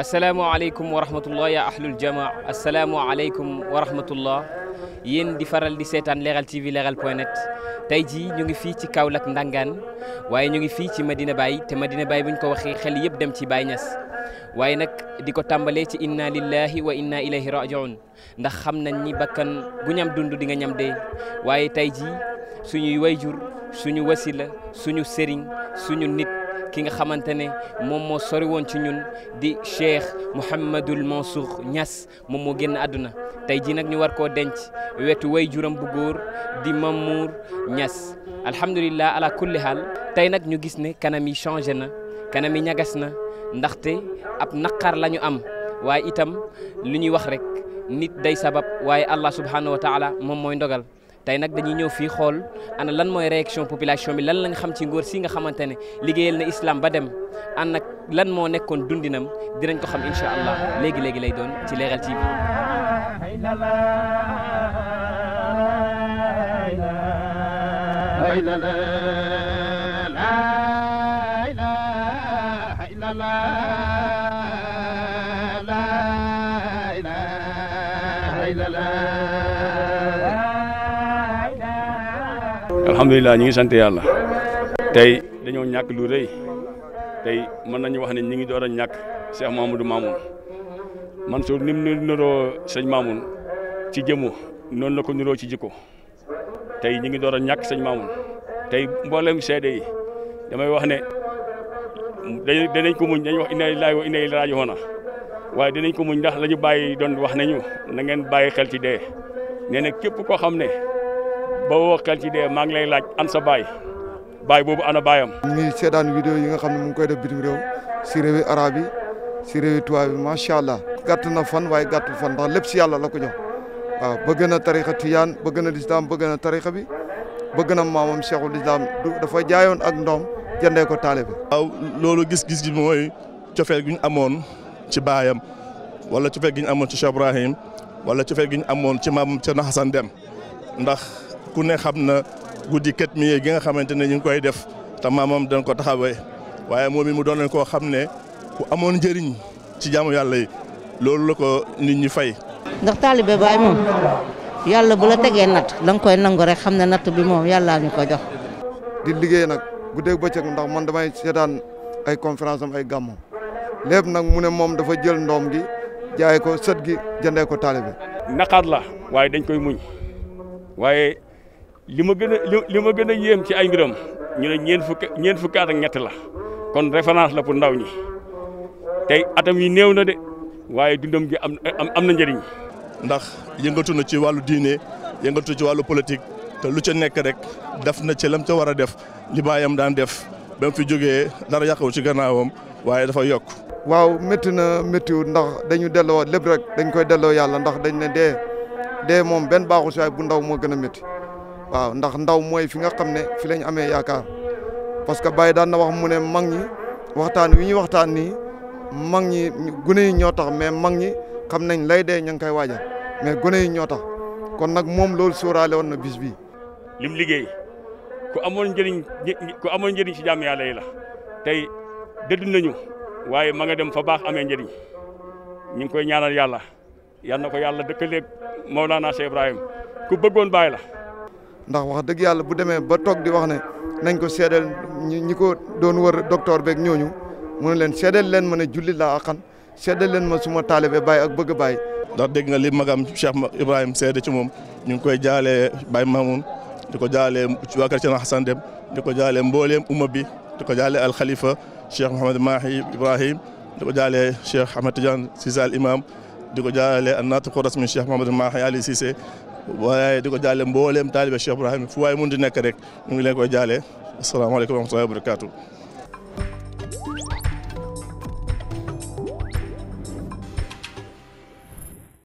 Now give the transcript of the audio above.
asalaamaaleykum wa rahmatullah yaa ahlul jamaa asalaamaaleykum wa rahmatullah yéen di faral di seetaan Leral TV Leral point net tey jii ñu ngi fii ci Kaolack Ndangaan waaye ñu ngi fii ci Medina Baye te Medina Baye bu ñu ko waxee xel yëpp dem ci Baye Niass waaye nag di ko tàmbalee ci inna lillahi wa inna ilayhi rajiun ndax xam nañ ni bakkan gu ñam dund di nga ñam dee waaye tey jii suñuy wayjur suñu wasila suñu sëriñ suñu nit ki nga xamante ne moom moo sori woon ci ñun di Cheikh Mouhamadul Mansour ñas moom moo génn àdduna tey jii nag ñu war koo denc wetu way juram bu góor di Mamour ñas alhamdulilah ala kulli haal tey nag ñu gis ne kanam yi changé na kanam yi ñagas na ndaxte ab naqar la ñu am waaye itam lu ñuy wax rek nit day sabab waaye Allah subhanahu wa taala moom mooy ndogal tey nag dañuy ñëw fii xool ana lan mooy réaction population bi lan lañ xam ci ngóor si nga xamante ne liggéeyal na islam ba dem ànd ak lan moo nekkoon dundinam dinañ ko xam incha allah léegi léegi lay doon ci Leral TV. la alhamdulilah ñi ngi sant yàlla tey dañoo ñàkk lu rëy tey mën nañu wax ne ñi ngi door a ñàkk Cheikh du Mamoun man soo ni mu niroo sëñ ci jëmu noonu la ko niroo ci jikko tey ñi ngi door a ñàkk sëñ Mamoun tey mboolem seede yi damay wax ne danañ ko muñ dañuy wax inna lillahi wa inna ilayhi raaji'uun dinañ ko muñ ndax la bàyyi doon wax nañu na ngeen bàyyi xel ci dee nee na képp koo xam ne ba woo xel ci dee maa ngi lay laaj an sa baay baay boobu ana baayam. ñu ngi seetaan vidéo yi nga xam ne mu ngi koy def bitim réew si réewi arab yi si réewi tuwaay bi macha allah. gàtt na fan waaye gàttu fan ndax lépp si yàlla la ko jox waaw bëgg na tarixa tijaan bëgg na taam bëgg na tarixa bi bëgg na maamam cheikhul islam dafa jaayoon ak ndoom jëndee ko taale bi. waaw loolu gis-gis gi mooy cofeel gi ñu amoon ci baayam walla cofeel gi amoon ci Cheikh Ibrahim wala cofeel gi ñu amoon ci maamam Cerno Xasan Dem ku ne xam na guddi kët mi gi nga xamante ne ñu ngi koy def te moom dañ ko taxawee waaye moom it mu doon leen koo xam ne ku amoon njëriñ ci jaamu yàlla yi loolu la ko nit ñi fay. ndax taalibe baay moom yàlla bu la tegee natt da nga koy nangu rek xam ne natt bi moom yàllaa ñu ko jox. di liggéey nag guddeeg bëccëg ndax man damay seetaan ay conférence am ay gàmmam lépp nag mu ne moom dafa jël ndoom gi jaay ko sët gi jëndee ko taalibe. naqar la waaye dañ koy li ma gën a li ma gën a ci ay mbiram ñu ne ñeent fukk ñeent fukki at ak la kon référence la pour ndaw ñi tey atam yi néew na de waaye dundam gi am am na njëriñ. ndax yëngatu na ci wàllu diine yëngatu ci wàllu politique te lu ca nekk rek def na ci lam ca war a def li baayam daan def ba mu fi jógee dara yàqawu ci gannaawam waaye dafa yokk. waaw métti na méttiwut ndax dañu delloo lépp rek dañ koy delloo yàlla ndax dañ ne dee dee moom benn baaxu si bu ndaw moo gën a métti. waaw ndax ndaw mooy fi nga xam ne fi lañ amee yaakaar parce que bay daan na wax mu ne mag ñi waxtaan wi ñuy waxtaan nii mag ñi gune yi ñoo tax mais mag ñi xam nañ lay de ña ngi koy waajal mais gune yi ñoo tax kon nag moom loolu sóoraale woon na bis bii. lim liggéey ku amoon njëriñ ku amoon njëriñ ci jàmm yàlla yi la tey dëdd nañu waaye ma nga dem fa baax ame njëriñ ñu ngi koy ñaanal yàlla yal na ko yàlla dëkkaleeg Mawlana Cheikh Ibrahim ku bëggoon Baye la. ndax wax dëgg yàlla bu demee ba toog di wax ne nañ ko seedeel ñi ko doon war docteur beeg ñooñu mu ne leen seedeel leen ma ne jullit laa axan seedeel leen ma suma taalibe Baye ak bëgg Baye. ndax dégg nga li magam Cheikh Ibrahim seede ci moom ñu ngi koy jaalee Baye Mamoun di ko jaalee waa kër Thierno Hassane Deme di ko jaalee mbooleem umma bi di ko jaalee Al Khalifa Cheikh Mouhamed Mahi Ibrahim di ko jaalee Cheikh Ahmed Tidiane Cissé al imam di ko jaalee an naatiqu rasmi Cheikh Mouhamed Mahi Ali Cissé waaye di ko jaale mbooleem taalibe Cheikh Ibrahim fu waaye mun di nekk rek ñu ngi leen koy jaale asalaamaaleykum wa rahmatullahi wa barakaatu